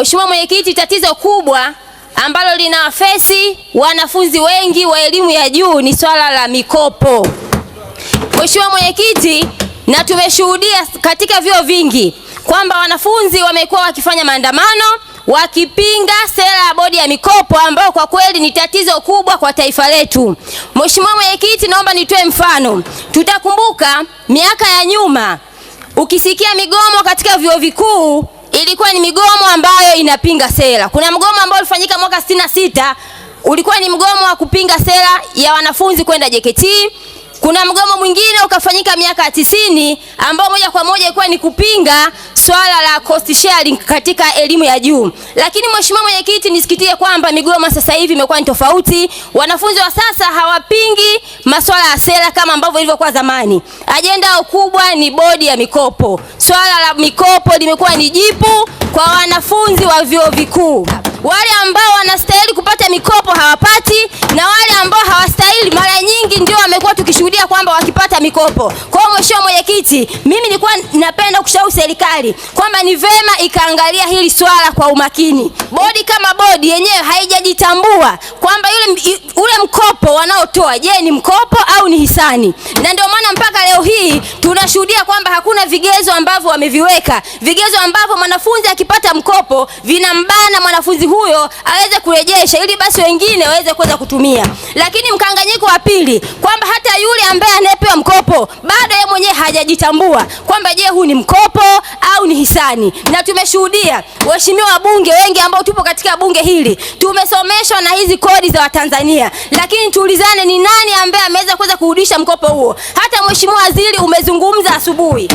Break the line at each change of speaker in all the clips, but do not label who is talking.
Mheshimiwa Mwenyekiti, tatizo kubwa ambalo linawafesi wanafunzi wengi wa elimu ya juu ni swala la mikopo. Mheshimiwa Mwenyekiti, na tumeshuhudia katika vyuo vingi kwamba wanafunzi wamekuwa wakifanya maandamano wakipinga sera ya bodi ya mikopo ambayo kwa kweli ni tatizo kubwa kwa taifa letu. Mheshimiwa Mwenyekiti, naomba nitoe mfano. Tutakumbuka miaka ya nyuma ukisikia migomo katika vyuo vikuu ilikuwa ni migomo ambayo inapinga sera. Kuna mgomo ambao ulifanyika mwaka sitini na sita ulikuwa ni mgomo wa kupinga sera ya wanafunzi kwenda JKT. Kuna mgomo mwingine ukafanyika miaka ya tisini ambao moja kwa moja ilikuwa ni kupinga swala la cost sharing katika elimu ya juu. Lakini mheshimiwa mwenyekiti, nisikitie kwamba Migoma sasa hivi imekuwa ni tofauti. Wanafunzi wa sasa hawapingi masuala ya sera kama ambavyo ilivyokuwa zamani. Ajenda kubwa ni bodi ya mikopo. Swala la mikopo limekuwa ni jipu kwa wanafunzi wa vyuo vikuu. Wale ambao wanastahili kupata mikopo hawapati, na wale ambao hawastahili mara nyingi ndio wamekuwa tukishuhudia kwamba wakipata mikopo kwa Mheshimiwa Mwenyekiti, mimi nilikuwa napenda kushauri serikali kwamba ni vema ikaangalia hili swala kwa umakini. Bodi kama bodi yenyewe haijajitambua kwamba yule ule mkopo wanaotoa, je, ni mkopo au ni hisani? Na ndio maana mpaka leo hii tunashuhudia kwamba hakuna vigezo ambavyo wameviweka, vigezo ambavyo mwanafunzi akipata mkopo vinambana mwanafunzi huyo aweze kurejesha, ili basi wengine waweze kuweza kutumia. Lakini mkanganyiko wa pili kwamba yule ambaye anayepewa mkopo bado yeye mwenyewe hajajitambua kwamba je, huu ni mkopo au ni hisani. Na tumeshuhudia waheshimiwa wabunge wengi ambao tupo katika bunge hili tumesomeshwa na hizi kodi za Watanzania, lakini tuulizane, ni nani ambaye ameweza kuweza kurudisha mkopo huo? Hata mheshimiwa waziri umezungumza asubuhi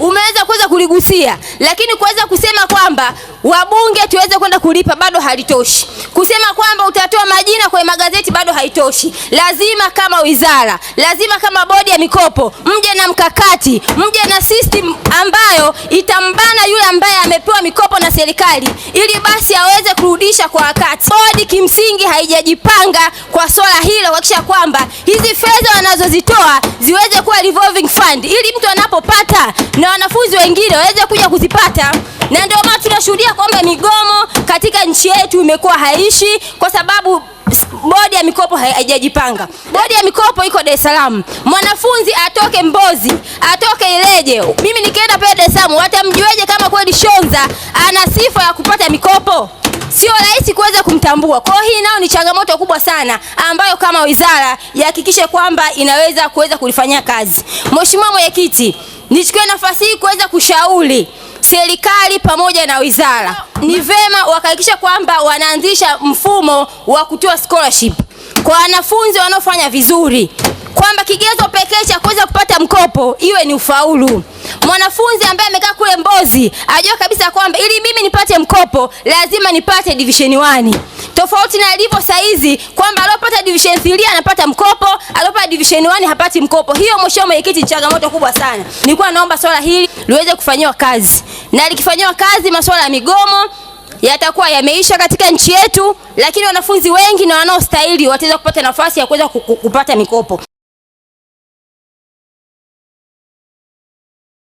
umeweza kuweza kuligusia, lakini kuweza kusema kwamba wabunge tuweze kwenda kulipa bado halitoshi. Kusema kwamba utatoa majina kwenye magazeti haitoshi. Lazima kama wizara, lazima kama bodi ya mikopo, mje na mkakati, mje na system ambayo itambana yule ambaye amepewa mikopo na serikali, ili basi aweze kurudisha kwa wakati. Bodi kimsingi haijajipanga kwa swala hilo, kuhakikisha kwamba hizi fedha wanazozitoa ziweze kuwa revolving fund, ili mtu anapopata na wanafunzi wengine waweze kuja kuzipata na ndio maana tunashuhudia kwamba migomo katika nchi yetu imekuwa haishi kwa sababu Bodi ya mikopo haijajipanga. Bodi ya mikopo iko Dar es Salaam. Mwanafunzi atoke Mbozi, atoke Ileje, mimi nikienda pale Dar es Salaam, watamjueje kama kweli Shonza ana sifa ya kupata mikopo? Sio rahisi kuweza kumtambua. Kwa hiyo hii nayo ni changamoto kubwa sana ambayo kama wizara ihakikishe kwamba inaweza kuweza kulifanyia kazi. Mheshimiwa Mwenyekiti, nichukue nafasi hii kuweza kushauri serikali pamoja na wizara ni vema wakahakikisha kwamba wanaanzisha mfumo wa kutoa scholarship kwa wanafunzi wanaofanya vizuri, kwamba kigezo pekee cha kuweza kupata mkopo iwe ni ufaulu. Mwanafunzi ambaye amekaa kule Mbozi ajua kabisa kwamba ili mimi nipate mkopo lazima nipate division 1 tofauti na ilivyo saizi kwamba aliopata division 3 anapata mkopo, division 1 hapati mkopo. Hiyo mheshimiwa mwenyekiti, changamoto kubwa sana. Nilikuwa naomba swala hili liweze kufanyiwa kazi, na likifanyiwa kazi, masuala ya migomo yatakuwa yameisha katika nchi yetu, lakini wanafunzi wengi na wanaostahili wataweza kupata nafasi ya kuweza kupata mikopo.